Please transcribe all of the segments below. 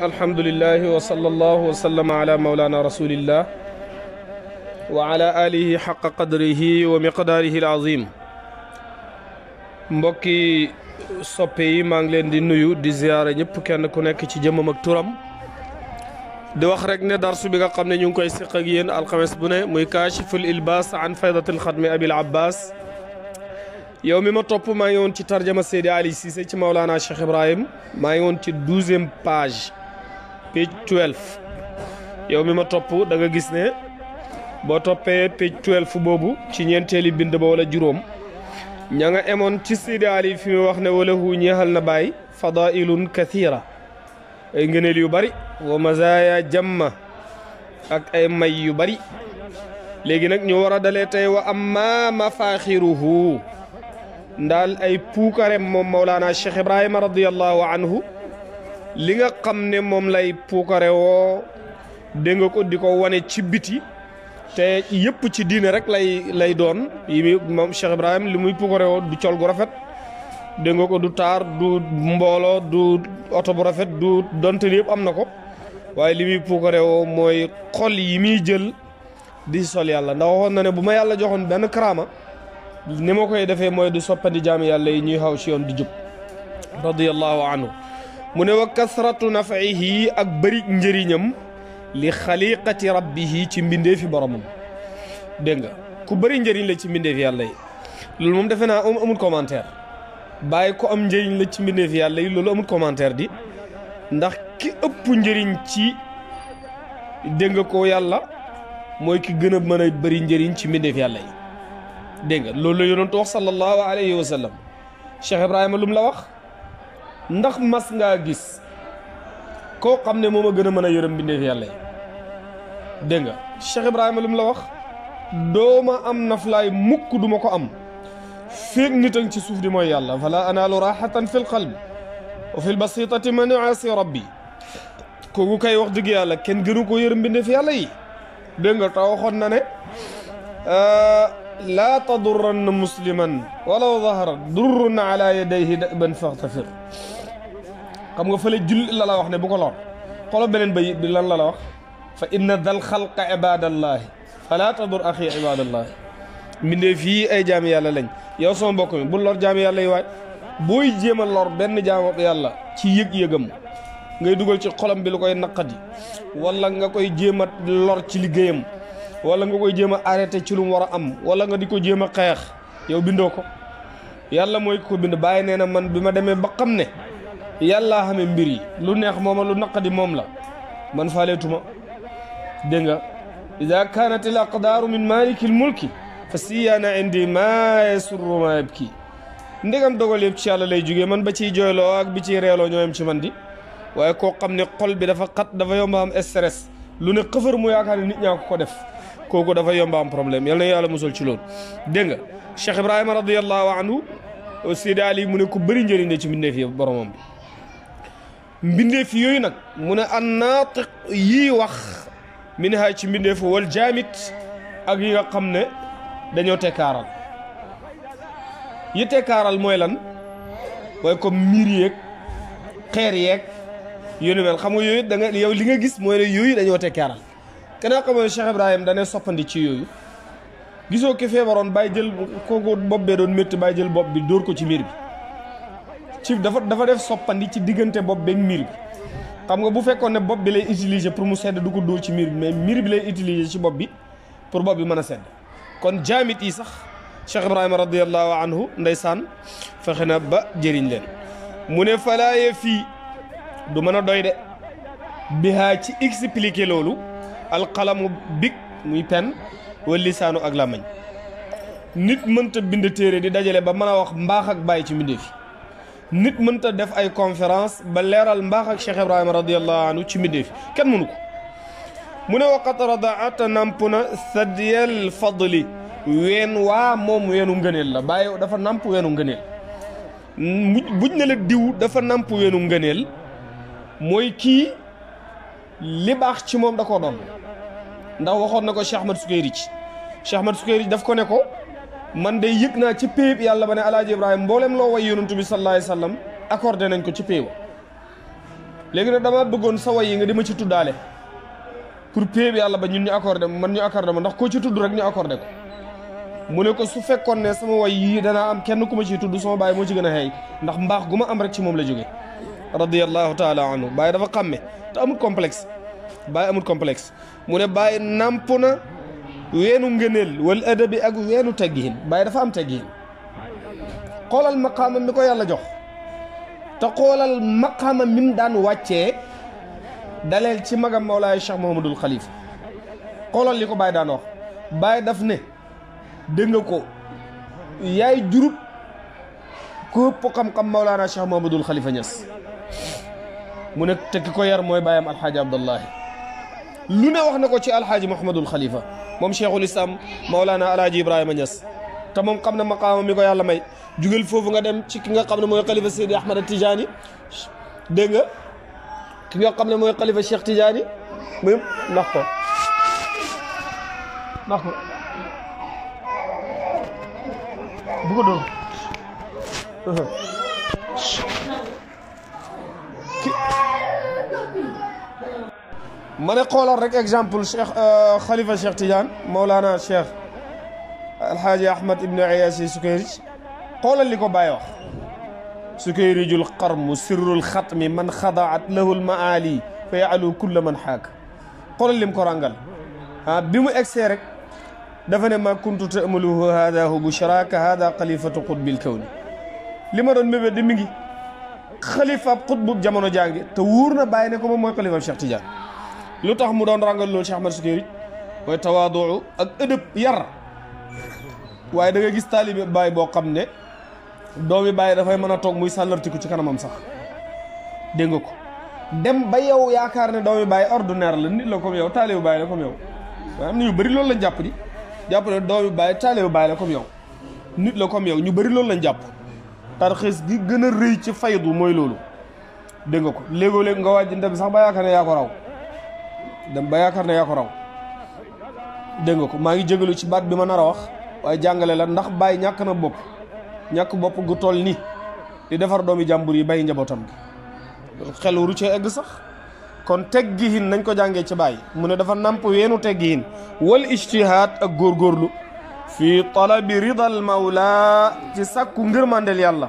alhamdulilah wa sallallahu wa sallama ala mawlana rasulillah wa ala alihi qadrihi wa miqdaarihi alazim mbokki soppe yi maa ngi leen di nuyu di ziyaara ñëpp kenn ku nekk ci jëmmam ak turam di wax darsu bi nga xam ne ñu ngi koy siq ak ilbaas an faydatil xadmi abil abbas yow mi ma topp maa ngi woon ci tarjama Seydi Ali Cissé ci Maulana Cheikh Ibrahim maa ngi woon ci douzième page page twelve yow mi ma topp da nga gis ne boo toppee page twelve boobu ci ñeenteeli bind ba wala juróom ña nga emoon ci Seydi Ali fi mu wax ne wala hu ñeexal na baay fadailun kathira ay ngëneel yu bari wa mazaya jamma ak ay may yu bari léegi nag ñu war a dalee tey wa amma mafaaxiruhu ndaal ay puukareem moom Mawlaana Cheikh Ibrahima radiyallahu anhu li nga xam ne moom lay puukare woo dégg nga ko di ko wane ci biti te yëpp ci diine rek lay lay doon yi moom Cheikh Ibrahima li muy puukare woo du col gu rafet dégg nga ko du taar du mbooloo du oto bu rafet du donte ni yëpp am na ko waaye li muy puukare woo mooy xol yi muy jël di sol yàlla ndax waxoon na ne bu ma yàlla joxoon benn karaama ni ma koy defee mooy du soppandi jaam yàlla yi ñuy xaw ci yoon di jub radiyallahu anhu mu ne wa kasratu nafaihi ak bëri njëriñam li xaliqati rabbihi ci mbindeefi boromam dégg nga ku bëri njëriñ la ci mbindeefi yàlla yi loolu moom defe naa amul commentaire bàyyi ko am njëriñ la ci mbindeefi yàlla yi loolu amul commentaire di ndax ki ëpp njëriñ ci dégg nga ko yàlla mooy ki gën a mën a bëri njëriñ ci mbindeefi yàlla yi dégg nga loolu la yonentu wax sallallahu alayhi wa sallam Cheikh Ibrahima la wax ndax mas ngaa gis koo xam ne moom a gën a mën a yërëm mbindeef yàlla yi dégg nga Cheikh Ibrahima la wax dooma am naflaay mukk duma ko am féeg nitang ci suuf di mooy yàlla fala anaalu raxatan fi lqalbi wa fi lbasitati man yuaasi rabbi kooku kay wax dëgg yàlla kenn gënu koo yërëm mbindeef yàlla yi dégg nga taw na ne euh, laa tadurranna musliman walaw zaharat durrun ala yadayhi daban faxtafir xam nga fële jullit la wax ne bu ko lor xolo beneen ba bi lan la la wax fa inna dal xalqa ibadallahi falaa tadur axi ibadallahi mbindee fii ay jaami yàlla lañ yow sama mbokk mi bu lor jaami yàlla yi waay booy jéem a lor benn jaamu yàlla ci yëg-yëgam ngay dugal ci xolam bilu koy naqadi wala nga koy jéem a lor ci liggéeyam wala nga koy jéem a arrêté ci lu mu a am wala nga di ko jéem a xeex yow bindoo ko yàlla mooy ko bind bàyyi nee na man bi ma demee ba xam ne yàllaa xamee mbir yi lu neex mooma lu naqadi moom la man faaleetuma dégg nga ida kaanat il aqdaaru min maliki l mulki fa siyaana indi maa yasurru maa yabki ndegam dogal yëpp ci yàlla lay jugee man ba ciy jooyloo ak bi ciy reeloo ñooyam ci man di waaye koo xam ne xol bi dafa xat dafa yomb am stress lu ne xëfër mu yaakaar ne nit ñaa def kooku dafa yomba am problème yal na yàlla musal ci loolu dégg nga Cheikh Ibrahima radiyallahu anhu Seydi Ali mu ne ku bëri njëriñ la ci mbindeef yi boromam bi mbindeef yooyu nag mu ne an naatiq yii wax min ha ci mbindeef wal jaamit ak yi nga xam ne dañoo tekkaaral yi tekkaaral mooy lan mooy comme miir yeeg xeer yeeg yónni xam nga yooyu da nga yow li nga gis mooy ne yooyu dañoo tekkaaral kanaa xamoon Cheikh Ibrahima dane soppandi ci yooyu gisoo ki feebaroon bàyyi jël kooku bopp bee doon métti bàyyi jël bopp bi dóor ko ci miir bi ci dafa dafa def soppandi ci diggante bopp beeg miir bi xam nga bu fekkoon ne bopp bi lay utiliser pour mu sedd du ko dóor ci miir bi mais miir bi lay utiliser ci bopp bi pour bopp bi mën a sedd kon jaamit yi sax Cheikh Ibrahima radiallahu anhu ndeysaan fexe na ba jëriñ leen mu ne falaaye fii du mën a doy de bihaa ci expliquer loolu alqalamu big muy pen wala lisaanu ak làmmiñ nit mënta bind téere di dajale ba mën a wax mbaax ak bàyyi ci mbindéef yi nit mënta def ay conférence ba leeral mbaax ak Cheikh Ibrahima radiallahu ci mbindéef kenn mënu ko mu ne waqat radaata namp na sadiyal fadli ween waa moom weenu ngëneel la bàyyi dafa nampu weenu ngëneel buñ ne diw dafa nampu weenu ngëneel mooy kii li baax ci moom da koo doon ndax waxoon na ko Cheikh Ahmad Sukayri ci Cheikh Ahmad Sukayri daf ko ne ko man de yëg naa ci péeb yàlla ba ne alaaji ibrahima mboolem loo way yonantu bi sallallahu alayhi wa sallam accordé nañ ko ci péeba léegi nag dama bëggoon sa way yi nga dima ci tuddaale pour péeb yàlla ba ñun ñu accordé man ñu accordé ma ndax koo ci tudd rek ñu accordé ko mu ne ko su fekkoon ne sama way yii danaa am kenn ku ma ciy tudd sama baay moo ci gën a xeey ndax mbaax gu ma am rek ci moom la jóge radiyallahu taala anhu Baye dafa xàmme te amul complexe Baye amul complexe mu ne Baye namp na weenu ngëneel wal adabi ak weenu teggiin Baye dafa am teggiin xoolal maqaamam mi ko yàlla jox ta xoolal maqaamam mi mu daan wàcce daleel ci magam Mawlaay Cheikh Mouhamadul Khalifa xoolal li ko Baye daan wax Baye daf ne dégg nga ko yaay jurub ku ëpp xam-xam Mawlaana Cheikh Mouhamadul Khalifa Niass. mu ne te ki ko yar mooy bàyyam alxaaji abdallahi lu ne wax na ko ci alxaaji Mouhamadul Khalifa moom cheikhul islam Maolana alaaji Ibrahima Niass te moom xam na maqaama mi ko yàlla may jugal foofu nga dem ci ki nga xam ne mooy xalifa Seydi Ahmad Tijaani dégg nga ki nga xam ne mooy xalifa Cheikh Tijaani moom nax ma ne xoolal rek exemple Cheikh euh, Khalifa Cheikh Tidiane Mawlana Cheikh Alhaaji Ahmad Ibn Ayaasi Sukayrij xoolal li ko Baay wax Sukayrijul xarmu sirrul xatmi man xadaat lahul maali fa yaalu kulla man xaak xoolal lim ko ràngal ah bi mu egsee rek dafa ne ma kuntu ta'maluhu haada hu bushraaka haada xalifatu qutbil kawni li ma doon mébét de mi ngi xalifab xutbub jamono jàngi te wóor na bàyyi ne ko moom mooy xalifab Cheikh Tidiane lu tax mu doon rangal loolu Cheikh Ahmad Sukayri mooy tawaaduu ak ëdëb yar waaye da nga gis taalibe bàyyi boo xam ne doomi bàyyi dafay mën a toog muy sàllartiku ci kanamam sax dégg nga ko dem ba yow yaakaar ne doomi bàyyi ordinaire la nit la comme yow taalibu bàyyi la comme yow waaye am na ñu bëri loolu lañ jàpp di jàpp ne doomi bàyyi taalibu bàyyi la ko yow nit la comme yow ñu bëri loolu lañ jàpp tarxiis gi gën a rëy ci faydu mooy loolu dégg ko léegoo-léeg nga wàjji ndem sax ba yaakaar ne yaa ko raw dem ba yaakaar ne yaa ko raw dégg nga ko maa ngi jégalu ci baat bi ma nar a wax waaye jàngale la ndax bàyyi ñàkk na bopp ñàkk bopp gu toll ni di defar doomi jàmbur yi bàyyi njabootam gi xel waru ci egg sax kon teggihin nañ ko jàngee ci bàyyi mu ne dafa namp weenu teggihin wal ijtihaad ak góorgóorlu fi talabi ridal mawla ci sàkku ngërmandel yàlla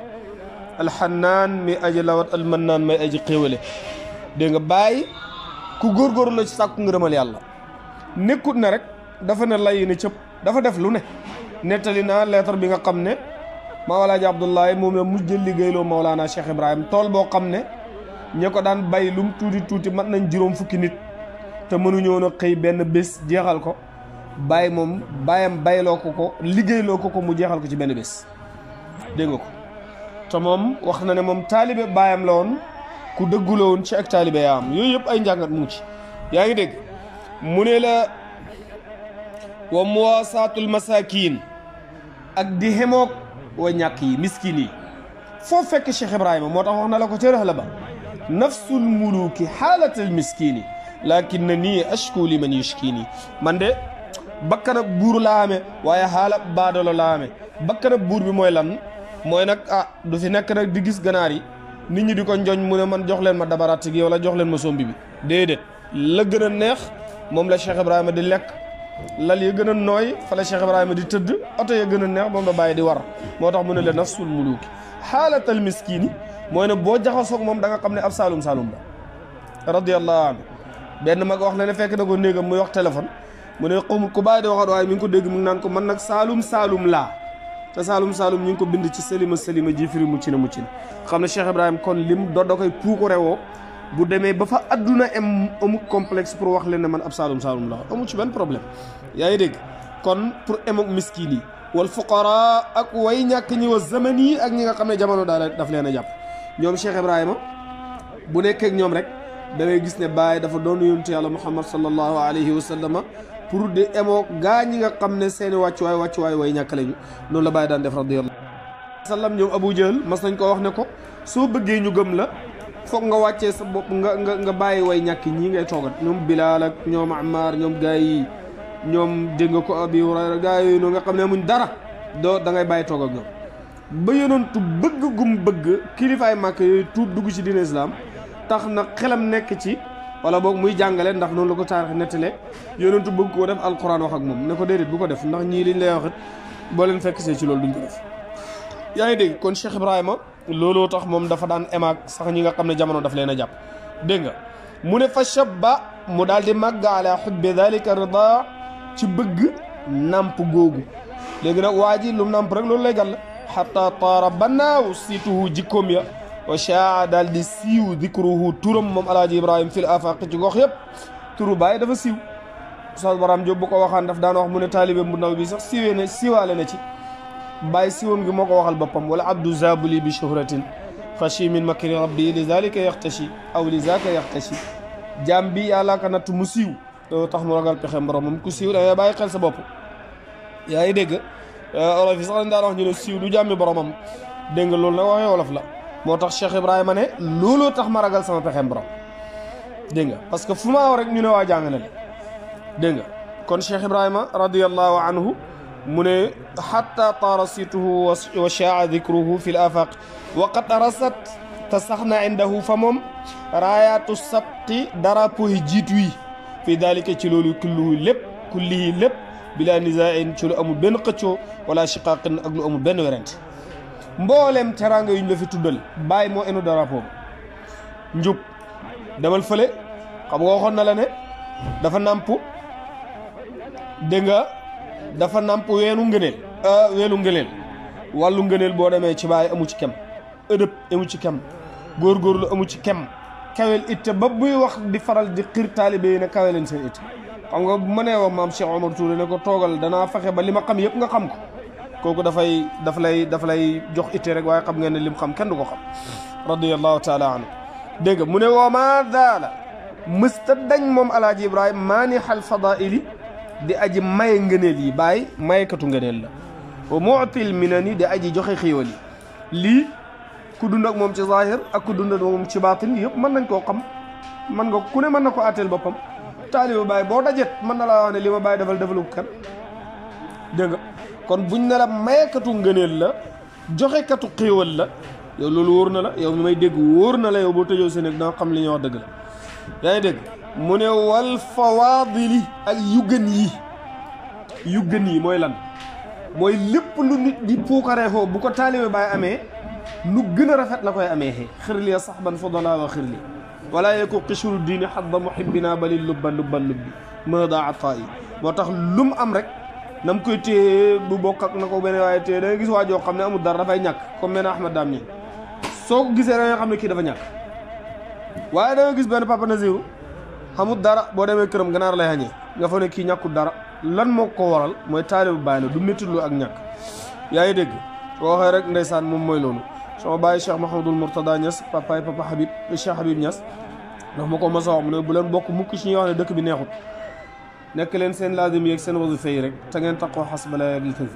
alxannaan mi aji lawat almannaan may aji xéwale dégg nga bàyyi ku góorgóorlu la ci sàkku ngërëmal yàlla nekkut ne rek dafa ne lay ne cëp dafa def lu ne nettali na lettre bi nga xam ne Mawalaaji Abdoulaye moom la mujj liggéeyloo Mawlaana Cheikh Ibrahim tool boo xam ne ña ko daan bay lum tuuti tuuti mat nañ juróom fukki nit te mënuñoo woon xëy benn bés jeexal ko bàyyi moom bàyyam bàyyiloo ko ko liggéeyloo ko ko mu jeexal ko ci benn bés dégg nga ko te wax na ne moom taalibe baayam la woon ku dëggu woon ci ak taalibe yaa am yooyu yëpp ay njàngat mu ci yaa ngi dégg mu ne la wa muwaasaatul masaakiin ak di xemoog wa ñàkk yi miskin yi foo fekk Cheikh Ibrahima moo tax wax na la ko ca Rihla ba nafsul muluki xaalatal miskini lakin na nii ashku li man yushkini man de bakkanab buur la amee waaye xaalab baadolo laame amee bakkanab buur bi mooy lan mooy nag ah du fi nekk nag di gis ganaar yi nit ñi di ko njoñ mu ne man jox leen ma dabaraat gi wala jox leen ma sombi bi déedéet la gën a neex moom la Cheikh Ibrahima di lekk lal ya gën a nooy fa la Cheikh Ibrahima di tëdd oto ya gën a neex moom la bàyyi di war moo tax mu ne la nafsul muluuki xaalatal miskiini mooy ne boo jaxasoog moom da nga xam ne ab saalum saalum la radiyallahu anhu benn mag wax na ne fekk na ko néegam muy wax téléphone mu ne xawma ku bàyyi di waxoon waaye mi ngi ko dégg mu naan ko man nag saalum saalum laa te saalum saalum ñu ngi ko bind ci selima selima ji firi ci na mucc na xam ne Cheikh Ibrahim kon lim do da koy puuku rewoo bu demee ba fa adduna am amu complexe pour wax leen ne man ab saalum saalum laa amu ci benn problème yaa ngi dégg kon pour am ak miskin yi wal fuqara ak way ñàkk ñi wa zaman yi ak ñi nga xam ne jamono daal daf leen a jàpp ñoom Cheikh Ibrahima bu nekkee ñoom rek da ngay gis ne Baye dafa doon yontu yàlla Muhammad sallallahu alayhi wa sallama pour de émoo gaa ñi nga xam ne seeni wàccuwaay wàccuwaay way ñàkk lañu noonu la Baye daan def radiyallahu sallam ñoom Abu Jahl mas nañ koo wax ne ko soo bëggee ñu gëm la foog nga wàccee sa bopp nga nga nga bàyyi way ñàkki ñii ngay toogat ñoom Bilaal ak ñoom Ammaar ñoom gaa yi ñoom dégg ko Abi Hurayra gaa nga xam ne muñ dara doo da ngay bàyyi toog ak ñoom ba yonentu bëgg gum bëgg kilifaay màkk yooyu tuub dugg ci diine islam tax na xelam nekk ci wala boog muy jàngale ndax noonu la ko taarix nettale yonentu bëgg koo def alquran wax ak moom ne ko déedéet bu ko def ndax ñii liñ lay waxit boo leen fekk see ci loolu duñ ko def yaa ngi dégg kon Cheikh Ibrahima looloo tax moom dafa daan emaag sax ñi nga xam ne jamono daf leen a jàpp dégg nga mu ne fa shabba mu daal di màgg ala xubbi dalika rida ci bëgg nàmp googu léegi nag waa ji lu mu namp rek loolu lay gàll xata taara ba naaw situhu jikkoom ya wa shaa daal di siiw dikruhu turam moom alaaji ibrahima fil afaq ci gox yëpp turu baay dafa siiw Oustaz Baram Diop bu ko waxaan daf daan wax mu ne taalibe bu ndaw bi sax siiwee na siiwaale na ci bàyyi siiwam gi moo ko waxal boppam wala abdou zabuli bi shuhratin xashi min makri rabbi li zalika yaxtashi aw li zaka yaxtashi bi yàlla ka natt mu siiw loolu tax mu ragal pexe borom moom ku siiw da ngay bàyyi xel sa bopp yaa ngi dégg olof yi sax dañ daan wax ñu ne siiw du jàmmi boromam dégg loolu nag waxee la moo tax Cheikh Ibrahima ne looloo tax ma ragal sama pexe borom dégg nga parce que fu ma rek ñu ne waa jàng nañ nga kon Cheikh Ibrahima radiyallahu anhu mu ne xatta taara situhu wa shaa dikruhu fi l afaq waqad arasat te sax na indahu fa moom raayaatu sabti darapo yi jiitu yi fii daalika ci loolu kulluhu lépp kullihi lépp bila nizain ci lu amu benn xëccoo wala shiqaaqin ak lu amul benn werante mboolem teraanga yuñ la fi tuddal bàyyi moo enu dara bi njub demal fële xam nga waxoon na la ne dafa nàmp dégg nga dafa nàmp weenu ngëneel euh, weenu ngëneel wàllu ngëneel boo demee ci bàyyi amu ci kem ëdëb amu ci kem góorgóorlu amu ci kem kawel itte ba buy wax di faral di xiir taalibe yi ne kawe leen seen itte xam nga bu ma nee wax maam Cheikh Omar Touré ne ko toogal danaa fexe ba li ma xam yëpp nga xam ko kooku dafay daf lay daf lay jox itte rek waaye xam ngeen ne lim xam kenn du ko xam radiallahu taala anhu dégg mu ne woo maa daala mësta dañ moom alaaji ibrahima maanihal fadaili di aji maye ngëneel yi bàyyi mayekatu ngëneel la wa mutil minani di aji joxe xéewal yi lii ku dund ak moom ci zahir ak ku dund ak moom ci baatin yëpp mën nañ koo xam mën nga ku ne mën na ko àtteel boppam taaliba bàyyi boo dajet mën na laa wax ne li ma bàyyi defal kon buñ ne la mayekatu ngëneel la joxekatu xéewal la yow loolu wóor na la yow mi may dégg wóor na la yow boo tëjoo seen danga xam li ñuy wax dëgg la yaa ngi dégg mu ne wal fawaadili ak yu gën yi yu gën yi mooy lan mooy lépp lu nit di puukaree xoo bu ko taalibe baay amee nu gën a rafet la koy amee xee xirli a saxban fadala wa xirli wala yeeku xisulu diini xadda muhibbina bali lubba lubba lubbi mada ataa yi moo tax lum am rek na koy téye bu bokk ak na ko beneen waaye téye da gis waa joo xam ne amul dara dafay ñàkk comme mel ne Ahmad Dame ñi soo ko gisee da nga xam ne kii dafa ñàkk waaye da nga gis benn Papa Naziru xamul dara boo demee këram ganaar lay xañee nga fa ne kii ñàkkul dara lan moo ko waral mooy taalibu bàyyi la du méttitlu ak ñàkk yaa ngi dégg boo waxee rek ndeysaan moom mooy loolu sama bàyyi Cheikh Mahamadul Mourtada Niass papaay papa Habib Cheikh Habib Niass ndax ma ko mos a wax bu leen bokk mukk ci ñuy dëkk bi neexut nekk leen seen laazim yeeg seen wazifa yi rek te ngeen taqoo xasbalaa ak lkasi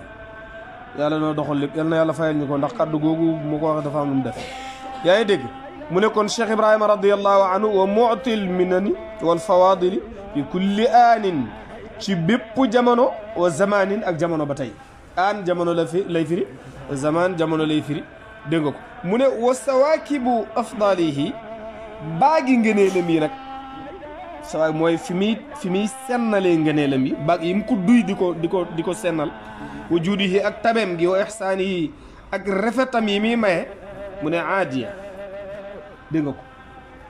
yàlla noo doxal lépp yal na yàlla fayal ñu ko ndax kàddu googu mu ko waxee dafa am lu mu def yaa ngi dégg mu nekkoon cheikh ibrahima radiallahu anhu wa mutil minani wal fawadili fi kulli aanin ci bépp jamono wa zamanin ak jamono ba tey aan jamono la fi lay firi zaman jamono lay firi dégg ko mu ne wa sawaakibu afdalihi baagi ngëneelam yi sa waay mooy fi muy fi muy sennalee ngëneelam yi ba yi mu ko duy di ko di ko di ko sennal wujuudi yi ak tabeem gi wa ixsaani yi ak rafetam yi muy maye mu ne aadiya dégg nga ko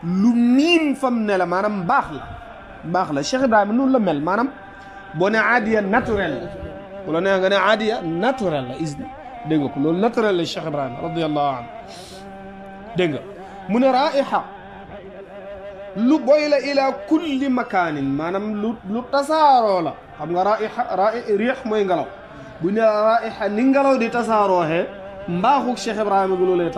lu miin fam ne la maanaam baax la baax la Cheikh Ibrahima noonu la mel maanaam boo ne aadiya naturel la bu la nee nga ne aadiya naturel la is dégg nga ko loolu naturel la Cheikh Ibrahima radiyallahu anhu dégg mu ne raiha lu boy la ila kulli makaanin maanaam lu lu tasaaroo la xam nga raixa rai riix mooy ngelaw bu ñu la raixa ni ngelaw di tasaarooxee mbaaxug Cheikh Ibrahima bi loolee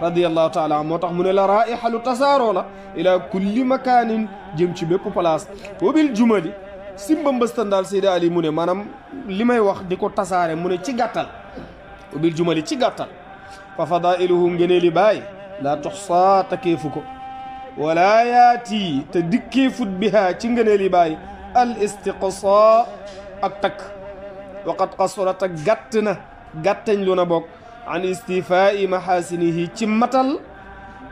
radiyallahu taala moo tax mu ne la raixa lu tasaaroo la ila kulli makaanin jëm ci bépp place wabil jumali simba mbëstandaal Seydi Ali mu ne maanaam li may wax di ko tasaare mu ne ci gàttal ubil jumali ci gàttal fa fadailuhu ngëneeli baay laa tox saa takeefu ko wala yaati te dikkee fut biha ci ngëneeli baay al istiqsa ak takk waqad qasurat ak gàtt na gàttañ lu na bokk an istifaa'i mahaasinihi ci matal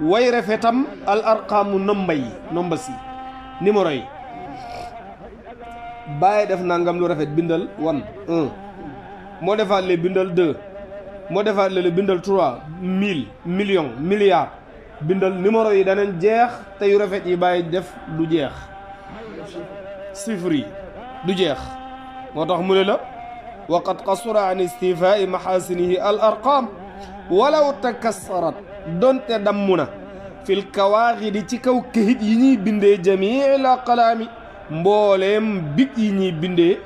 way rafetam al arqaamu nomba yi nomba si numéro yi bàyyi def nangam lu rafet bindal one un moo defaat le bindal deux moo defaat le bindal trois mille million milliard bindal numéro yi danañ jeex te yu rafet yi bàyyi def du jeex chiffres yi du jeex moo tax mu ne la wa qad qasura an istifai maxaasinihi al arqam walaw takassarat donte dammu na fil kawaaxidi ci kaw këhit yi ñuy bindee jamiil aqlaami mbooleem bit yi ñuy bindee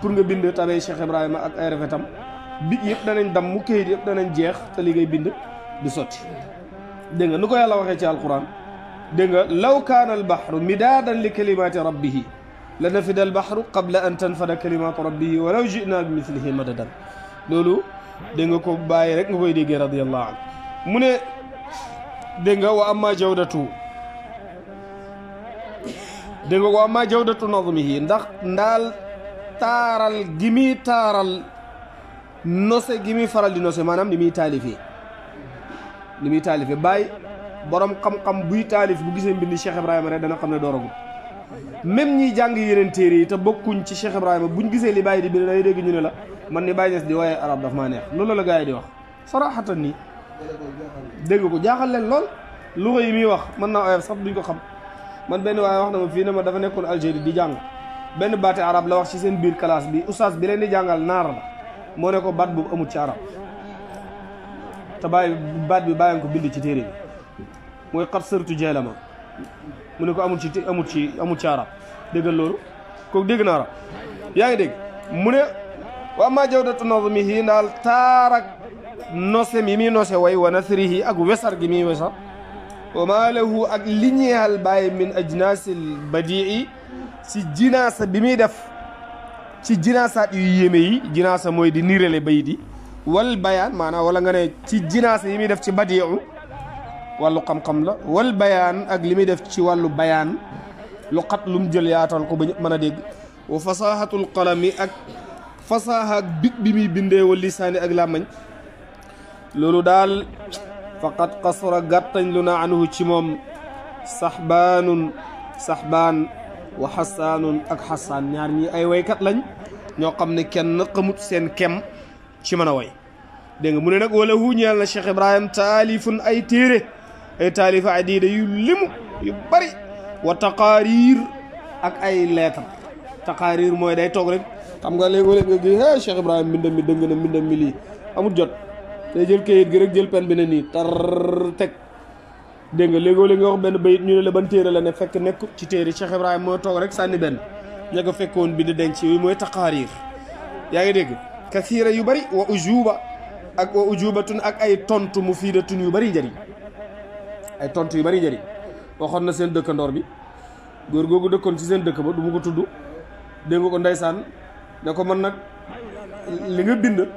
pour nga binde tabee Cheikh Ibrahima ak ay rafetam big yëpp danañ damm këhit yëpp danañ jeex te liggéey ngay bind du sotti dégg nga nu ko yàlla waxee ci alquran dégg nga law kaana albaxru midaadan li kalimaati rabbihi la nafida albaxru qabla an tanfada kalimaatu rabbihi walaw jinaa bi mislihi madadan loolu dégg nga ko bàyyi rek nga koy déggee radiallahu anhu mu ne dégg nga wa amma jawdatu dégg nga wa amma jawdatu nadmihi ndax ndaal taaral gi muy taaral nose gi muy faral di nose maanaam ni muy taalifee li muy taalife bàyyi borom xam-xam buy taalif bu gisee mbind Cheikh Ibrahima rek dana xam ne dooragu même ñiy jàng yéneen téere yi te bokkuñ ci Cheikh Ibrahima buñ gisee li bàyyi di bi day dégg ñu ne la man ni bàyyi des di waaye arab daf maa neex loolu la gars di wax saraxatan nii dégg ko jaaxal leen lool luxa yi muy wax mën naa oyof sax duñ ko xam man benn waaye wax na ma fii ne ma dafa nekkoon Algérie di jàng benn baati arab la wax ci seen biir classe bi oustaz bi di jàngal naar moo ne ko baat boobu amul ci te bàyyi baat ko bind ci téere bi mooy xat sërtu jeelama mu ne ko amul ci amul ci amul ci arab déggal loolu kooku dégg na arab yaa ngi dégg mu ne wa amma jawdatu taarak nose mi muy nose way wa nasrihi ak wesar gi muy wesar wa maa lahu ak li ñeexal bàyyi min ajnaasil badii si jinaasa bi muy def ci jinaasaat yu yéeme yi jinaasa mooy di niirale bayit yi wal bayaan maanaam wala nga ne ci jinaas yi muy def ci badiu wàllu xam-xam la wal bayaan ak li muy def ci wàllu bayaan lu xat lu mu jël yaatal ko ba mën a dégg wa fasahatul qalami ak fasaha ak big bi muy bindee wa lisaani ak làmmañ loolu daal faqat qasara gàttañ lu na anhu ci moom saxbaanun saxbaan wa xasaanun ak xasaan ñaar ñii ay waykat lañ ñoo xam ne kenn xamut seen kem ci mën a woy dégg nga mu ne nag wala la ñeel na Cheikh Ibrahim taalifun ay téere ay taalifa adiida yu limu yu bari wa taqaarir ak ay lettre taqaarir mooy day toog rek xam nga léeg-léeg nga gi hee eh, Cheikh Ibrahim mbindam mi dëng na mbindam mi lii amul jot day jël kayit gi rek jël pen bi ne nii tar teg dégg nga léegoo léegi nga wax benn bayit ñu ne la ban téere la ne fekk nekk ci téere Cheikh Ibrahima mooy toog rek sànni benn ña ko fekkoon bind denc yooyu mooy taqaarir yaa ngi dégg kasiira yu bari wa ujuba ak wa ujubatun ak ay tontu mu fiidatun yu bari njëriñ ay tontu yu bari njëriñ waxoon na seen dëkkandoor bi góor googu dëkkoon ci seen dëkk ba du mu ko tudd dégg nga ko ndeysaan ne ko man nag li nga bind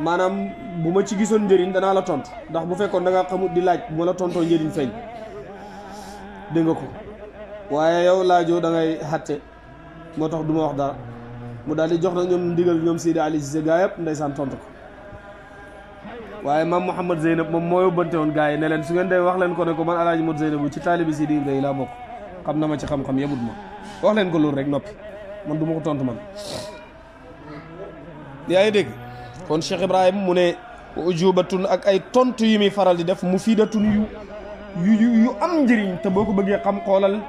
maanaam bu ma ci gisoon njëriñ danaa la tontu ndax bu fekkoon da ngaa xamut di laaj bu ma la tontoo njëriñ feeñ dégg nga ko waaye yow laajoo dangay ngay xàtte moo tax du ma wax dara mu daal jox nag ñoom ndigal ñoom Seydi Ali Cissé gaa yëpp ndeysaan tontu ko waaye maam Mouhamed Zeynab moom mooy yóbbante woon gaa yi ne leen su ngeen dee wax leen ko ne ko man alaaji Mod Zeynabu ci taalibi Seydi Ibrahima laa bokk xam na ma ci xam-xam yebut ma wax leen ko loolu rek noppi man du ma ko tontu man yaa ngi dégg kon Cheikh Ibrahima mu ne ujubatun ak ay tontu yi muy faral di def mufidatun yu yu yu am njëriñ te boo ko bëggee xam xoolal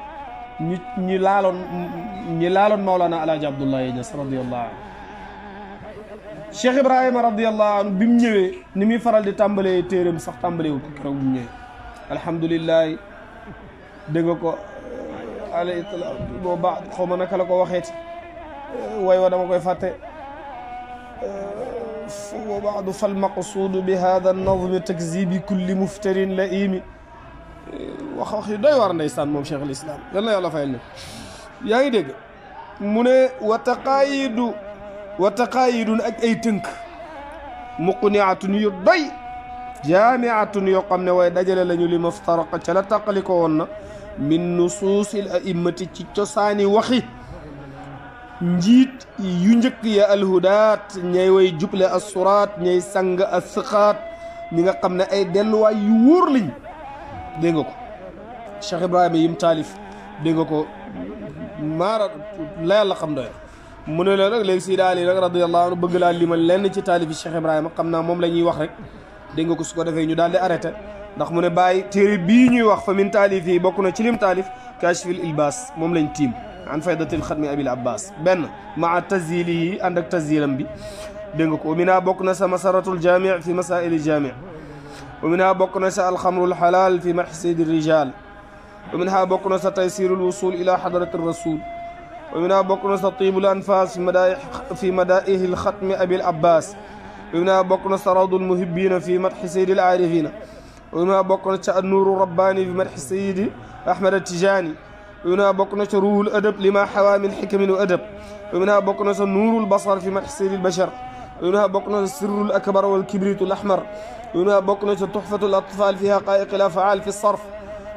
ñi ñi laaloon ñi laaloon Mawlana Alaaji Abdoulaye Niass radiyallahu anhu Cheikh Ibrahima radiyallahu anhu bi mu ñëwee ni muy faral di tàmbalee téeréem sax tàmbalee wu ko keroog bu mu ñëwee alhamdulilahi dégg nga ko euh, alayhisalaam boo baax xaw ma naka la ko waxeeti euh, way wa dama koy fàtte euh, wa baadu fal maqsuudu bi hada nazmi takzibi kulli muftarin la imi wax wax yu doy war ndeysaan moom cheikh al islam yal na yàlla fayal ni yaa ngi dégg mu ne wa taqaayidu wa taqaayidun ak ay tënk muqniatun yu doy yoo xam ne waaye dajale lañu li maftaraqa ca la taqali ko woon na min nusuusil a'immati ci cosaani waxi njiit yu njëkk ya alhudaat ñay way juble assuraat ñay sang asqaat ñi nga xam ne ay delluwaay yu wóor lañ dégg nga ko Cheikh Ibrahima yim taalif dégg nga ko maara la yàlla xam doy mu ne la nag léegi si daal yi nag radiallahu anhu bëgg laa limal lenn ci taalifi Cheikh Ibrahima xam naa moom la ñuy wax rek dégg nga ko su ko defee ñu daal di arrêté ndax mu ne bàyyi téere bii ñuy wax fa min taalif yi bokk na ci lim taalif kashfil ilbaas moom lañ tiim an faydatil xatmi abil abbas benn maa tazili yi ànd ak tazilam bi dégg nga ko naa bokk na sama masaratul jamii fi masaili wa minha bokk na sa alxamrul xalaal fi maxsidi rijaal wa minha bokk na sa taysirul wusul ila xadrati rasul wa minha bokk na sa tiibul anfaas fi madaihi lxatmi abil abbas wa minha bokk na sa rawdul muhibbina fi madxi saydil aarifina wa minha bokk na ca annuuru rabbaani fi madxi sayidi ahmad tijaani wa minha bokk na ca ruhul adab lima xawaa min xikamin wa adab wa minha bokk na sa nuurul basar fi madxi saydil bashar yoonuha bokk na sa sirrul akbar wal kibritul ahmar yoonuha bokk na sa tuhfatul atfal fi haqaiqil afaal fi sarf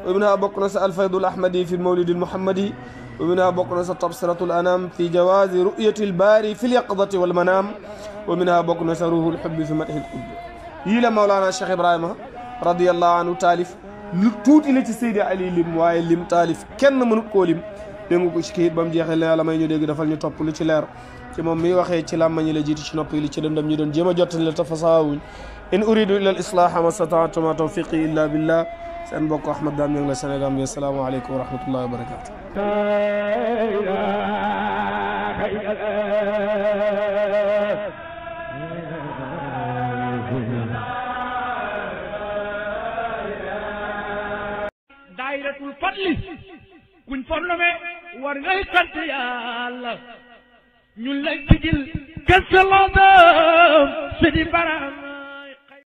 ومنها بقنس الفيض الأحمدي في المولد المحمدي ومنها بقنس تبصرة الأنام في جواز رؤية الباري في اليقظة والمنام ومنها بقنس روح الحب في مدح القلب يلا مولانا الشيخ إبراهيم رضي الله عنه تالف lu tuuti la ci Seydi Ali lim waaye lim taalif kenn mënu koo lim dénk ko ci kayit ba la may ñu dégg dafal ñu topp lu ci leer ci moom mi waxee ci làmmañi la jiitu ci nopp li ci dëndam ñu doon jéem a jottali la tafasaawuñ in uridu illa al islaha ma stataatu ma tawfiqi illa billah seen mbokk Ahmad Dame ñu la Sénégal bi asalaamu aleykum wa rahmatullahi wa barakaatu daayiratul fadli war ngay sant yàlla ñun lañ sigil kese loo doon si di baram